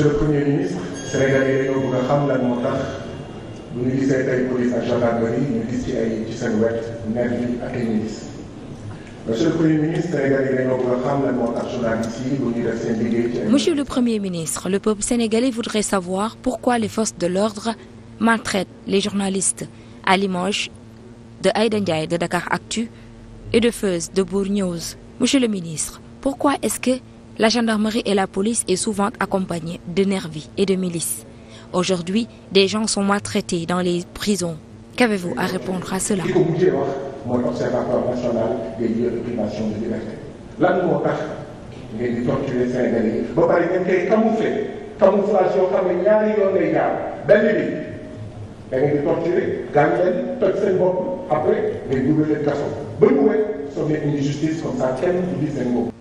monsieur le premier ministre le peuple sénégalais voudrait savoir pourquoi les forces de l'ordre maltraitent les journalistes à Limoges de Aïda de Dakar Actu et de Feuz de Bour monsieur le ministre pourquoi est-ce que. la gendarmerie et la police est souvent accompagnée de nervis et de milices. Aujourd'hui, des gens sont maltraités dans les prisons. Qu'avez-vous à répondre à cela? ki ko mujjee wax mooy observatoire national des lieux de privation de liberté lan moo tax ngeen di torturer Sénégalais yi ba pare ngeen koy camoufler camouflage yoo xam ne ñaari yoon lay jaar benn bi da ngeen di torturer gaañ leen toj seen bopp après ngay dugal leen kaso ba ñu wet soo nekk une justice comme ça kenn du di seen bopp